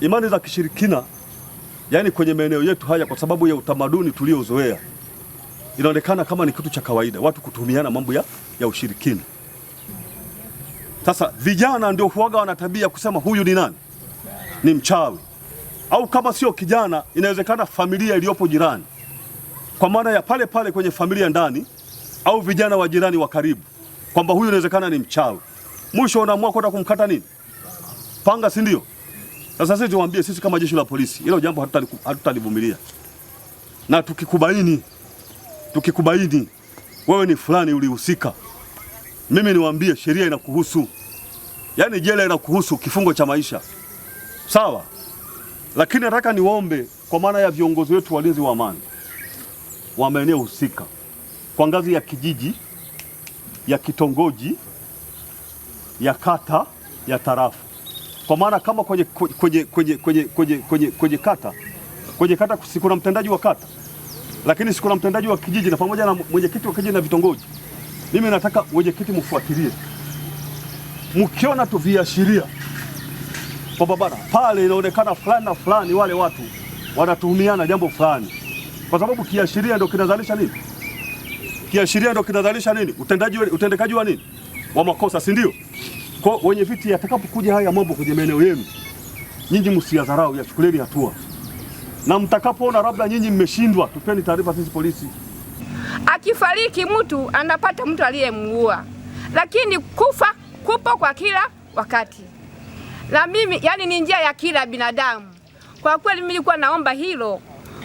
imani za kishirikina, yaani kwenye maeneo yetu haya, kwa sababu ya utamaduni tuliozoea, inaonekana kama ni kitu cha kawaida watu kutumiana mambo ya, ya ushirikina. Sasa vijana ndio huaga wana tabia kusema huyu ni nani, ni mchawi, au kama sio kijana, inawezekana familia iliyopo jirani, kwa maana ya pale pale kwenye familia ndani, au vijana wa jirani wa karibu, kwamba huyu inawezekana ni mchawi. Mwisho unaamua kwenda kumkata nini, panga, si ndio? Na sasa tuwaambie sisi kama jeshi la polisi, hilo jambo hatutalivumilia, na tukikubaini tukikubaini wewe ni fulani ulihusika, mimi niwaambie, sheria inakuhusu, yaani jela inakuhusu, kifungo cha maisha sawa. Lakini nataka niwaombe kwa maana ya viongozi wetu walinzi wa amani wa maeneo husika, kwa ngazi ya kijiji, ya kitongoji, ya kata, ya tarafa kwa maana kama kwenye, kwenye, kwenye, kwenye, kwenye, kwenye, kwenye kata kwenye kata sikuna kuna mtendaji wa kata, lakini sikuna mtendaji wa kijiji na pamoja na mwenyekiti wa kijiji na vitongoji. Mimi nataka wenyekiti mfuatilie, mkiona tu viashiria kwa barabara pale inaonekana fulani na fulani, wale watu wanatuhumiana jambo fulani, kwa sababu kiashiria ndio kinazalisha nini? Kiashiria ndio kinazalisha nini? Utendaji, utendekaji wa nini, wa makosa, si ndio? Kwa wenye viti atakapokuja haya mambo kwenye maeneo yenu, nyinyi msiyadharau, yachukuleni hatua, na mtakapoona labda nyinyi mmeshindwa, tupeni taarifa sisi polisi. Akifariki mtu anapata mtu aliyemuua, lakini kufa kupo kwa kila wakati, na mimi yani ni njia ya kila binadamu. Kwa kweli mimi nilikuwa naomba hilo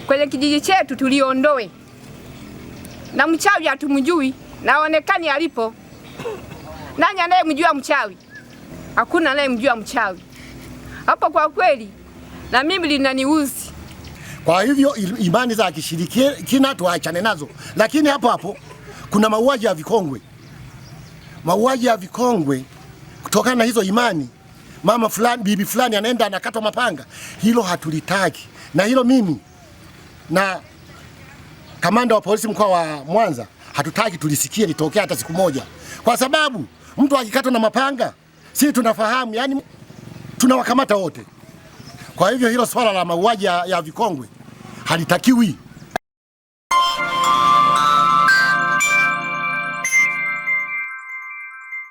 kwenye kijiji chetu tuliondoe, na mchawi hatumjui, naonekani alipo. Nani anayemjua mchawi? Hakuna anayemjua mchawi hapo, kwa kweli, na mimi linaniuzi. Kwa hivyo imani za kishirikina tuachane nazo, lakini hapo hapo kuna mauaji ya vikongwe, mauaji ya vikongwe kutokana na hizo imani. Mama fulani, bibi fulani anaenda anakatwa mapanga, hilo hatulitaki, na hilo mimi na kamanda wa polisi mkoa wa Mwanza hatutaki tulisikie litokea hata siku moja, kwa sababu mtu akikatwa na mapanga, si tunafahamu, yani tunawakamata wote. Kwa hivyo hilo swala la mauaji ya, ya vikongwe halitakiwi.